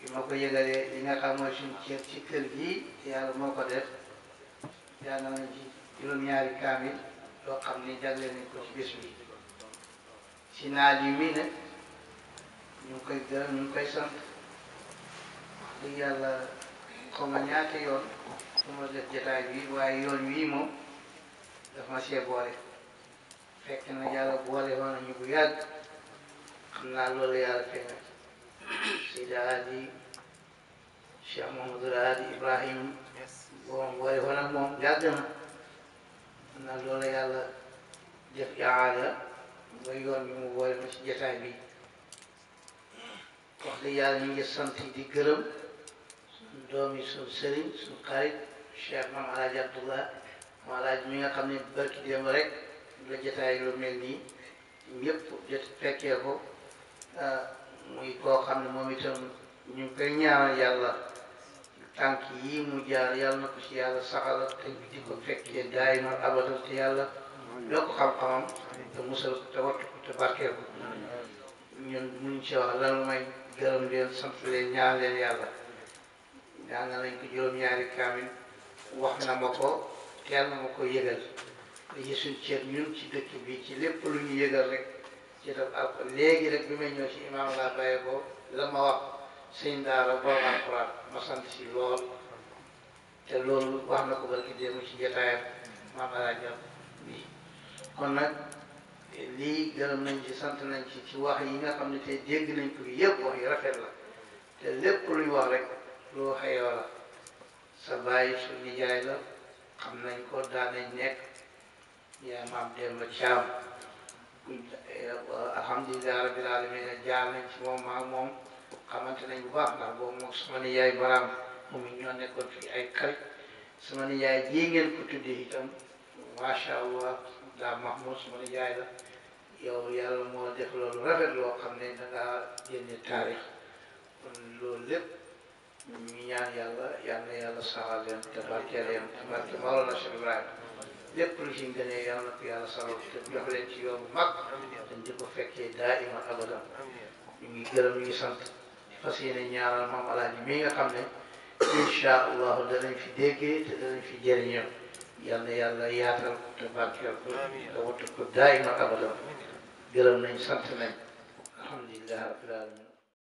bi ma ko yëgalee li nga xam mooy suñu ceeb ci kër gi yàlla moo ko def yàlla na ci juróom-ñaari kaamil loo xam ni jagle nañ ko ci bés bi si naaj yi mii nag ñu ngi koy gërëm ñu ngi koy sant wax yàlla xaw ma ñaata yoon su ma def jotaay bi waaye yoon wii moom daf ma see boole fekk na yàlla boole woon nañu bu yàgg xam naa loolu yàlla fexe. Seydi Haadi Cheikh Mouhamadul Haadi Ibrahim bon boole ko nag moom yàgg na nag loolu yàlla def iaada ba yoon bi mu boole ma ci jotaay bi wax dëgg yàlla ñu ngi santi di gërëm suñ doom yi suñ sëriñ suñ xarit Cheikh Maam Alaaji Abdullah Maam Alaaji mi nga xam ne barki démb rek la jotaay lu mel nii ñëpp jot fekkee ko muy koo xam ne moom itam ñu koy ñaanal yàlla tànk yii mu jaar yàlla na ko ci yàlla saxala te di ko fekkee daay ma abadal te yàlla yokk xam-xamam te musal ko te wattu ko te barkeel ko ñun muñ ci wax lan may gërëm leen sant leen ñaan leen yàlla ñaan nañ ko juróom-ñaari kaamil wax na ma ko teel na ma ko yëgal te suñ ceeb ñun ci dëkk bi ci lépp lu ñu yëgal rek ci def léegi rek bi may ñëw ci imaam laa bàyyi ko la ma wax sëñ daara borom alquran ma sant si lool te loolu wax na ko barki démb ci jotaayam maam alaaja lii gërëm nañ ci sant nañ ci ci wax yi nga xam ne tey dégg nañ ko yëpp yi rafet la lépp luy wax rek loo xëyoo la xam nañ ko daan nañ nekk yaa maam Demba Thiam alhamdulilah rabbil alamin jaar nañ ci moom maa moom xamante nañ bu baax ndax boobu moom sama ni yaay baraam moom it ñoo nekkoon fii ay xarit sama ni yaay jii ngeen ko tuddee itam macha allah daa mahmoud sama ni yaay la yow moo def loolu rafet loo xam ne da ngaa génne taarix kon loolu lépp ñu ñaan yàlla yal na yàlla saxal leen te barkeel leen te barke Mawlana Cheikh Ibrahima lépp lu ci gënee yàlla na ko yàlla sabab te jox leen ci yoon bu mag dañ di ko fekkee daa iman abadan ñu gërëm ñu ngi sant fas yéene ñaaral maam alaaji mi nga xam ne incha allahu danañ fi déggee te danañ fi jëriñoo yal na yàlla yaatal te barkeel ko ko daa iman abadan gërëm nañ sant nañ alhamdulilah rabbil alamin